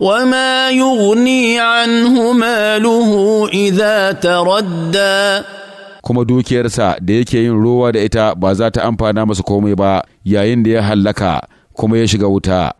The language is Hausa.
وما يغني عنه ماله إذا تردى kuma dukiyarsa da yake yin ruwa da ita ba za ta amfana masa komai ba yayin da ya hallaka kuma ya shiga wuta